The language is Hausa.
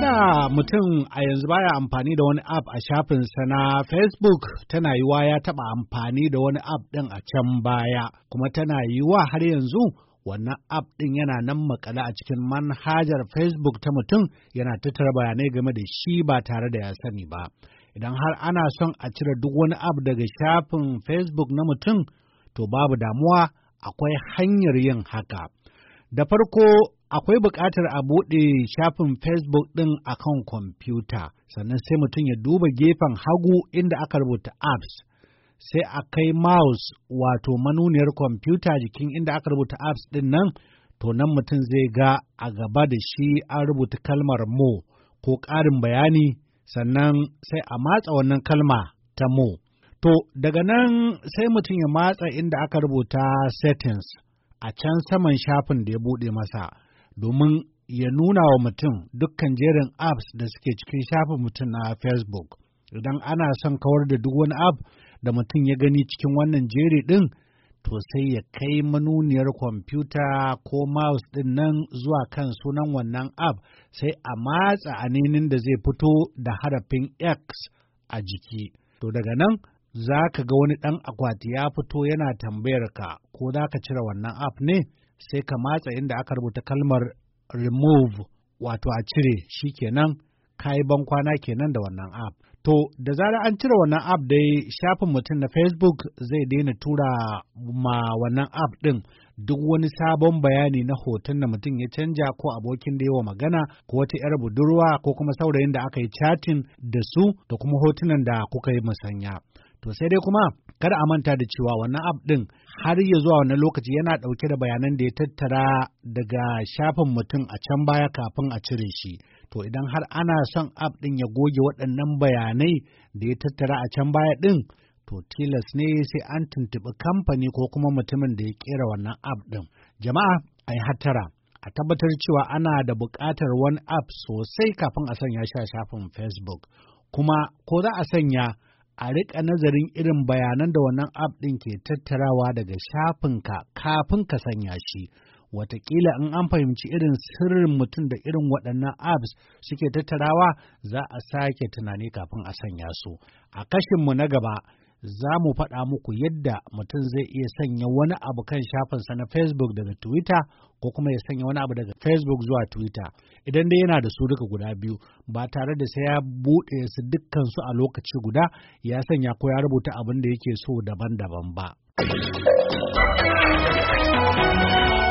da mutum a yanzu baya amfani da wani app a shafinsa na Facebook tana yiwa ya taba amfani da wani app ɗin a can baya, kuma tana yiwa har yanzu wannan app ɗin yana nan makale a cikin manhajar Facebook ta mutum yana tattara bayanai game da shi ba tare da ya sani ba. Idan har ana son a cire duk wani app daga shafin Facebook na mutum, to babu damuwa akwai hanyar yin haka. Da farko akwai buƙatar a buɗe shafin Facebook ɗin a kan kwamfuta, sannan sai mutum ya duba gefen hagu inda aka rubuta apps, sai a kai mouse wato manuniyar kwamfuta jikin inda aka rubuta apps ɗin nan, to nan mutum zai ga a gaba da shi an rubuta kalmar mo ko ƙarin bayani, sannan sai a matsa wannan kalma ta mo. To, daga nan sai mutum ya matsa inda aka rubuta settings. a can saman shafin da ya buɗe masa domin ya nuna wa mutum dukkan jerin apps da suke cikin shafin mutum na Facebook. Idan ana son kawar da duk wani app da mutum ya gani cikin wannan jeri ɗin, to sai ya kai manuniyar kwamfuta ko mouse ɗin nan zuwa kan sunan wannan app sai a matsa aninin da zai fito da harafin X a jiki. To daga nan za ka ga wani ɗan akwati ya fito yana tambayar ka ko za ka cire wannan app ne sai ka matsa inda aka rubuta kalmar remove wato a cire shi kenan ka yi bankwana kenan da wannan app. To da zarar an cire wannan app dai shafin mutum na Facebook zai daina tura ma wannan app ɗin duk wani sabon bayani na hoton da mutum ya canja ko abokin da yawa magana ko wata 'yar budurwa ko kuma saurayin da aka yi chatting da su da kuma hotunan da kuka yi musanya. To sai dai kuma kada a manta da cewa wannan app ɗin har ya zuwa wani lokaci yana ɗauke da bayanan da ya tattara daga shafin mutum a can baya kafin a cire shi. To idan har ana son app ɗin ya goge waɗannan bayanai da ya tattara a can baya ɗin, to tilas ne sai an tuntuɓi kamfani ko kuma mutumin da ya ƙera wannan app ɗin. Jama'a a yi hattara. a tabbatar cewa ana da buƙatar wani app sosai kafin a sanya shi a shafin Facebook, kuma ko za a sanya a riƙa nazarin irin bayanan da wannan app ɗin ke tattarawa daga shafin ka kafin ka sanya shi. Wataƙila in an fahimci irin sirrin mutum da irin waɗannan apps suke tattarawa za a sake tunani kafin a sanya su. A kashinmu na gaba. za mu faɗa muku yadda mutum zai iya sanya wani abu kan shafinsa na Facebook daga Twitter ko kuma ya sanya wani abu daga Facebook zuwa Twitter idan dai yana da su duka guda biyu ba tare da sai ya buɗe su dukkan su a lokaci guda ya sanya ko ya rubuta abin da yake so daban-daban ba.